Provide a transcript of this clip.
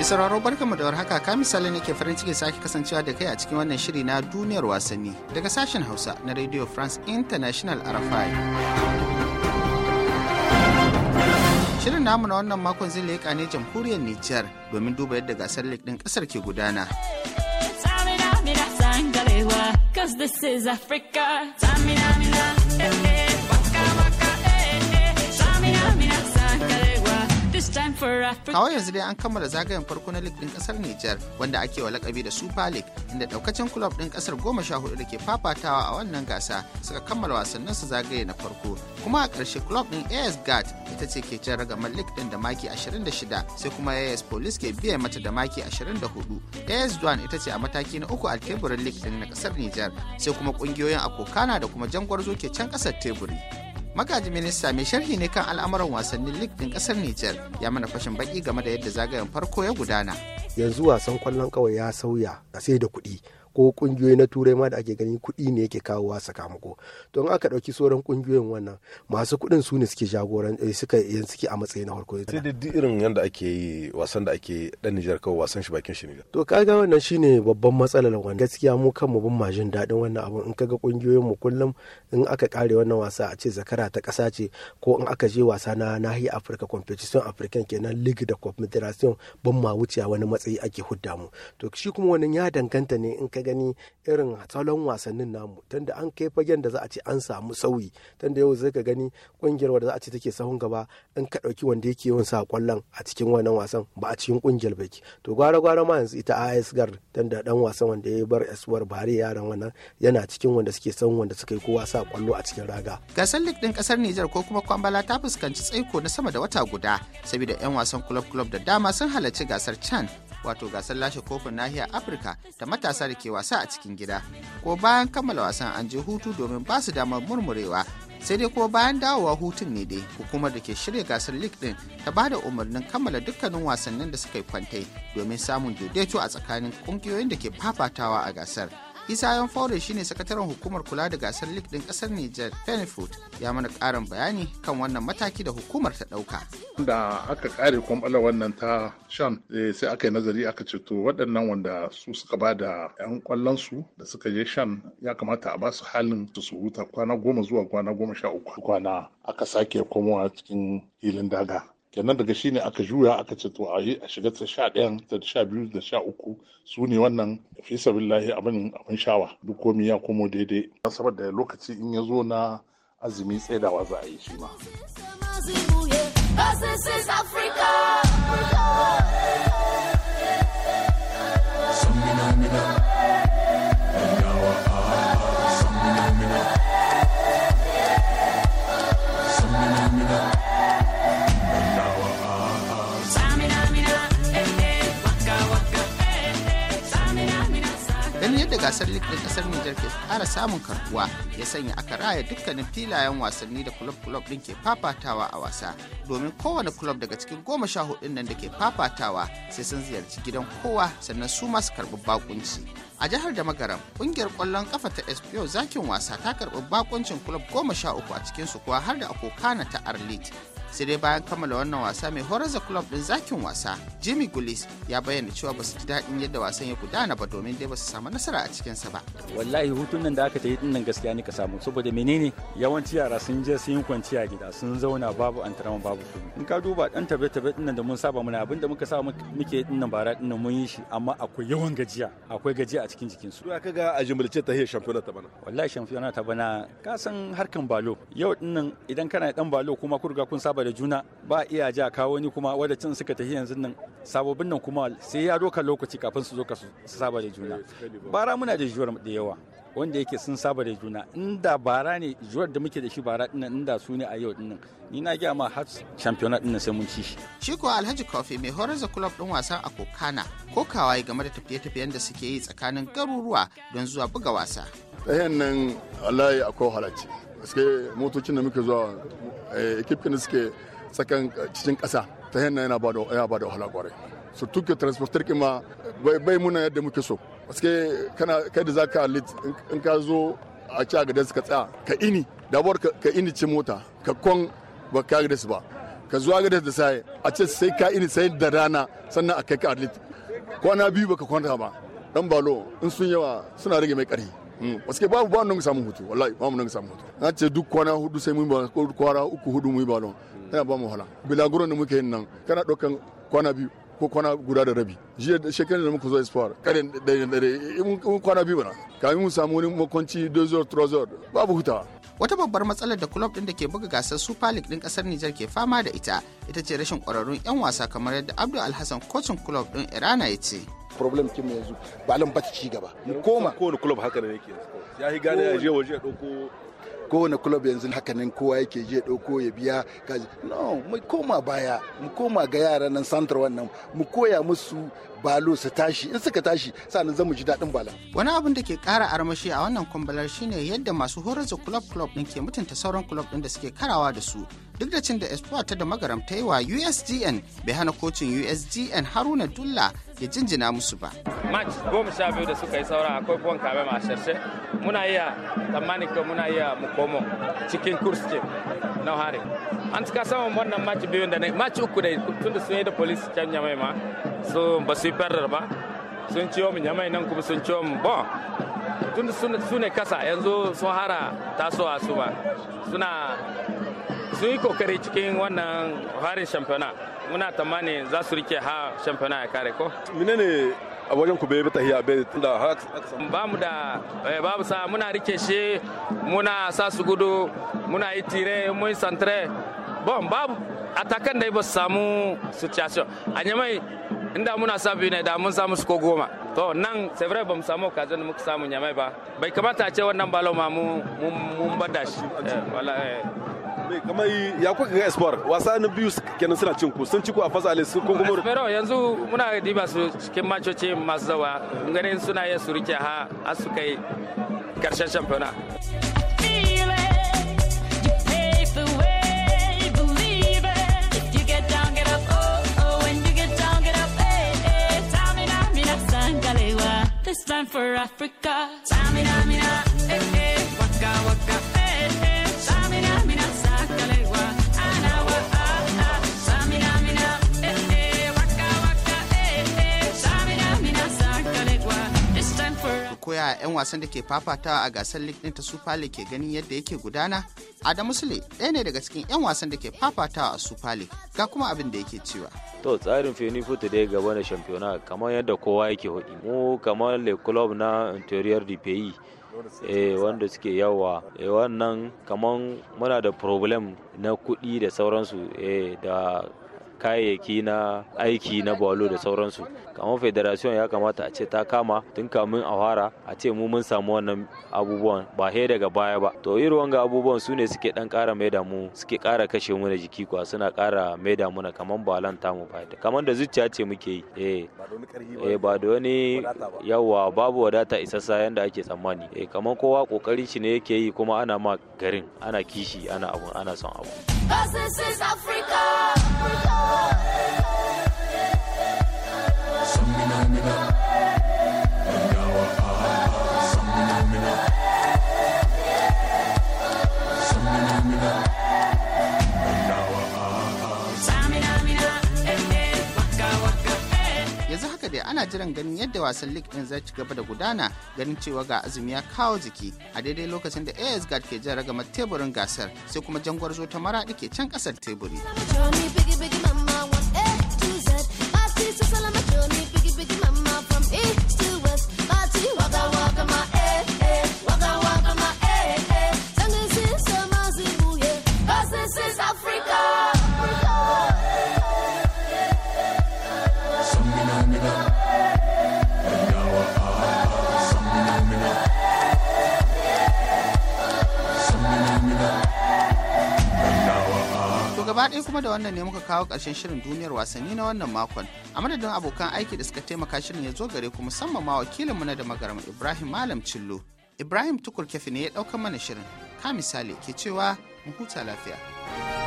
Mai sauraro mu da warhaka ka misali nake farin ciki sake kasancewa da kai a cikin wannan shiri na duniyar wasanni daga sashen Hausa na Radio France International RFI. Shirin namu na wannan makon zai leƙa ne jamhuriyar Nijar domin duba yadda gasar lig din kasar ke gudana. Africa. Kawai yanzu dai an kammala zagayen farko na lig ɗin ƙasar Nijar wanda ake wa lakabi da Super League inda ɗaukacin club ɗin ƙasar goma sha hudu da ke fafatawa a wannan gasa suka kammala wasannin su zagaye na farko. Kuma a ƙarshe club ɗin AS Gat ita ce ke jan ragamar lig ɗin da maki 26 sai kuma AS Police ke biya mata da maki 24. AS Duan ita ce a mataki na uku a teburin lig ɗin na ƙasar Nijar sai kuma ƙungiyoyin Akokana da kuma Jangwarzo ke can ƙasar teburi. magaji minista mai sharhi ne kan al'amuran wasannin lig din kasar Nijar ya mana fashin baki game da yadda zagayen farko ya gudana. Yanzu wasan kwallon kawai ya sauya a sai da kuɗi. ko kungiyoyi na turai ma da ake gani kuɗi ne yake kawowa sakamako don aka ɗauki sauran kungiyoyin wannan masu kuɗin su ne suke jagoran eh, suka yan eh, suke a matsayi na farko sai da irin yanda ake yi wasan da ake dan Nijar kawai wasan shi bakin shi ne to kaga wannan shine babban matsalar wannan gaskiya mu kanmu bin ma jin daɗin wannan abun in kaga kungiyoyin mu kullum in aka kare wannan wasa a ce zakara ta ƙasa ce ko in aka je wasa na nahiyar Africa competition African kenan league da confederation ban ma wuce wani matsayi ake hudda mu to shi kuma wannan ya danganta ne in ka gani irin salon wasannin namu tunda an kai fagen da za a ce an samu sauyi tunda yau zai ka gani kungiyar wadda za a ce take sahun gaba in ka dauki wanda yake yawan sa kwallon a cikin wannan wasan ba a cikin kungiyar ki to gwara gwara ma yanzu ita AS Gard tunda dan wasan wanda ya bar aswar Bare yaran wannan yana cikin wanda suke sahun wanda suka yi kowa sa kwallo a cikin raga gasar lig din kasar Niger ko kuma Kwambala ta fuskanci tsaiko na sama da wata guda saboda yan wasan club club da dama sun halarci gasar Chan wato gasar lashe kofin nahiyar afirka ta matasa da ke wasa a cikin gida ko bayan kammala wasan an je hutu domin ba su damar murmurewa sai dai ko bayan dawowa hutun ne dai hukumar da ke shirya gasar league din ta bada umarnin kammala dukkanin wasannin da suka yi kwantai domin samun daidaito a tsakanin kungiyoyin da ke fafatawa a gasar isa yan faure shine sakataren hukumar kula da gasar league din kasar niger fenifut ya mana karin bayani kan wannan mataki da hukumar ta dauka da aka kare kwamfala wannan ta shan eh, sai aka yi nazari aka ce to waɗannan wanda su suka ba da 'yan kwallon su da suka je shan ya kamata a ba su halin su su huta kwana goma zuwa kwana goma sha uku kwana aka sake komowa cikin filin daga kenan daga shi ne aka juya aka ce to a yi a shiga ta sha ɗayan ta sha biyu da sha uku su ne wannan fi sabillahi abin abin shawa duk komi ya komo daidai saboda lokaci in ya zo na azumi tsaidawa za a yi shi ma. Cause this is Africa. kara samun karbuwa ya sanya aka raya dukkanin filayen wasanni da kulob-kulob din ke fafatawa a wasa domin kowane kulob daga cikin goma sha hudun nan da ke fafatawa sai sun ziyarci gidan kowa sannan su masu karɓi bakunci a jihar da magaram kungiyar kwallon kafa ta spo zakin wasa ta karɓi bakuncin kulob goma sha uku a cikin su kuwa har da akokana ta arlit sai dai bayan kammala wannan wasa mai horar da club din zakin wasa jimmy gullis ya bayyana cewa ba su ji daɗin yadda wasan ya gudana ba domin dai ba su samu nasara a cikinsa ba wallahi hutun nan da aka tafi din nan gaskiya ne ka samu saboda menene yawanci yara sun je sun yi kwanciya gida sun zauna babu tarama babu kuma in ka duba dan tabe tabe din nan da mun saba muna abinda muka sa muke din nan bara din nan mun yi shi amma akwai yawan gajiya akwai gajiya a cikin jikin su ka ga a jimilce ta hiyar shampiyona ta bana wallahi shampiyona ta bana ka san harkan balo yau din nan idan kana dan balo kuma ku riga kun saba saba da juna ba iya ja kawo ni kuma wadda cin suka tafi yanzu nan sababbin nan kuma sai ya doka lokaci kafin su zo su saba da juna bara muna da juwar da yawa wanda yake sun saba da juna inda bara ne juwar da muke da shi bara dinnan inda su ne a yau dinnan ni na gaya ma har champion dinnan sai mun ci shi shi ko Alhaji Kofi mai horar da club din wasan a Kokana ko kawai game da tafiye-tafiyen da suke yi tsakanin garuruwa don zuwa buga wasa ɗayan nan wallahi akwai halacci suke motocin da muke zuwa ekipkin eh, da suke tsakan cikin ƙasa ta hannun yana bada wahala kwarai su tuke transporter kima bai muna yadda muke so suke kana kai da za ka lit in ka zo a ci a gadar ka tsaya ka ini dabuwar ka ini ci mota ka kon ba ka gadar ba ka zuwa gadar da sai a ce sai ka ini sai da rana sannan a kai ka atlet kwana biyu baka kwanta ba dan balo in sun yawa suna rage mai karfi Mm. parce que ba ba nan samu hutu wallahi ba mu nan samu hutu na ce duk kwana hudu sai mun ba ko kwara uku hudu mu ba don yana ba mu hala bilaguro ne muke nan kana dokan kwana biyu ko kwana guda da rabi jiya da shekarun da muka zo espoir kare da da in eh, kwana biyu bana kamin mu samu wani makwanci 2 3 babu huta wata babbar matsalar da kulob din da ke buga gasar super league din kasar Nijar ke fama da ita ita ce rashin kwararrun 'yan wasa kamar yadda abdul alhassan coaching kulob din irana ya ce problem kin mu yanzu ba lan ba ta ci gaba mu koma kowane club haka ne yake ya yi gane ya je waje ya dauko kowane club yanzu haka hakanan kowa yake je ɗauko ya biya kaji no mu koma baya mu koma ga yaran nan santar wannan mu koya musu balo su tashi in suka tashi sanan zamu ji daɗin bala. Wani abin da ke ƙara armashi a wannan kwambalar shine yadda masu horar da club club ɗin ke mutunta sauran club ɗin da suke karawa da su. Duk da cin da Espoir ta da magaram ta yi wa USGN bai hana kocin USGN Haruna Dulla ya jinjina musu ba. Match goma sha biyu da suka yi sauran akwai buwan kame ma sharshe muna iya tsammanin ka muna iya mu komo cikin kurskin na hari An cika saman wannan match biyu da match uku da tun da sun yi da police can yamai ma su ba su su ba sun ciyo mu jama'i nan kuma sun ciyo mu bon tun su ne kasa yanzu sun hara tasowa su ba suna sun yi kokari cikin wannan harin shamfana muna tamani za su rike ha shamfana ya kare ko menene a wajen ku bai tahiya bai tunda har ba mu da eh, babu sa muna rike shi muna sa su gudu muna yi tire mun santre bon babu atakan da ba su samu situation a nyamai inda muna sa biyu ne da mun samu su ko goma to nan sevrai ba mu samu kazin da muka samu nyamai ba bai kamata a ce wannan balo ma mun bada shi eh, eh. kamar ya kuka ga espoir wasa na biyu kenan suna cin ku sun ci ku a fasa alisu ko kuma espero yanzu muna diba su cikin macoci masu zawa ganin suna yin su ha a su kai karshen shampiona turn for Africa. Samina, mina, eh, eh, waka, waka, eh, eh. Samina, mina, anawa, Koya 'yan wasan da ke fafata a gasar League su ta Super League ke ganin yadda yake gudana? Adamu Sule ɗaya ne daga cikin 'yan wasan da ke fafatawa a Super League ga kuma abin da yake cewa. To tsarin Feni Futu dai gaba na shampiyona kamar yadda kowa yake hudi. Mu kamar Le Club na Interior de Pays eh wanda suke yawa eh wannan kamar muna da problem na kuɗi da sauransu eh, da kayayyaki na aiki na balo da sauransu kamar federation ya kamata a ce ta kama tun kamin a fara a ce mu mun samu wannan abubuwan ba he daga baya ba to irin wanga abubuwan su ne suke dan kara mai damu suke kara kashe mu da jiki kuwa suna kara mai damu na kamar balan mu ba kamar da zuciya ce muke yi eh ba da wani eh, yawa babu wadata isassa yanda ake tsammani eh kaman kowa kokarin shi ne yake yi kuma ana ma garin ana kishi ana abu ana son abu Africa ana jiran ganin yadda wasan league din zai ci gaba da gudana ganin cewa ga azumi ya kawo jiki a daidai lokacin da AS Guard ke jan ragamar teburin gasar sai kuma jangwar zo ta maraɗi ke can kasar teburi. gaba ɗaya kuma da wannan ne muka kawo ƙarshen shirin duniyar wasanni na wannan makon a madadin abokan aiki da suka taimaka shirin ya zo gare ku musamman ma wakilinmu na da magarama ibrahim malam cillo ibrahim tukur kefi ne ya ɗauka mana shirin ka misali ke cewa mu huta lafiya.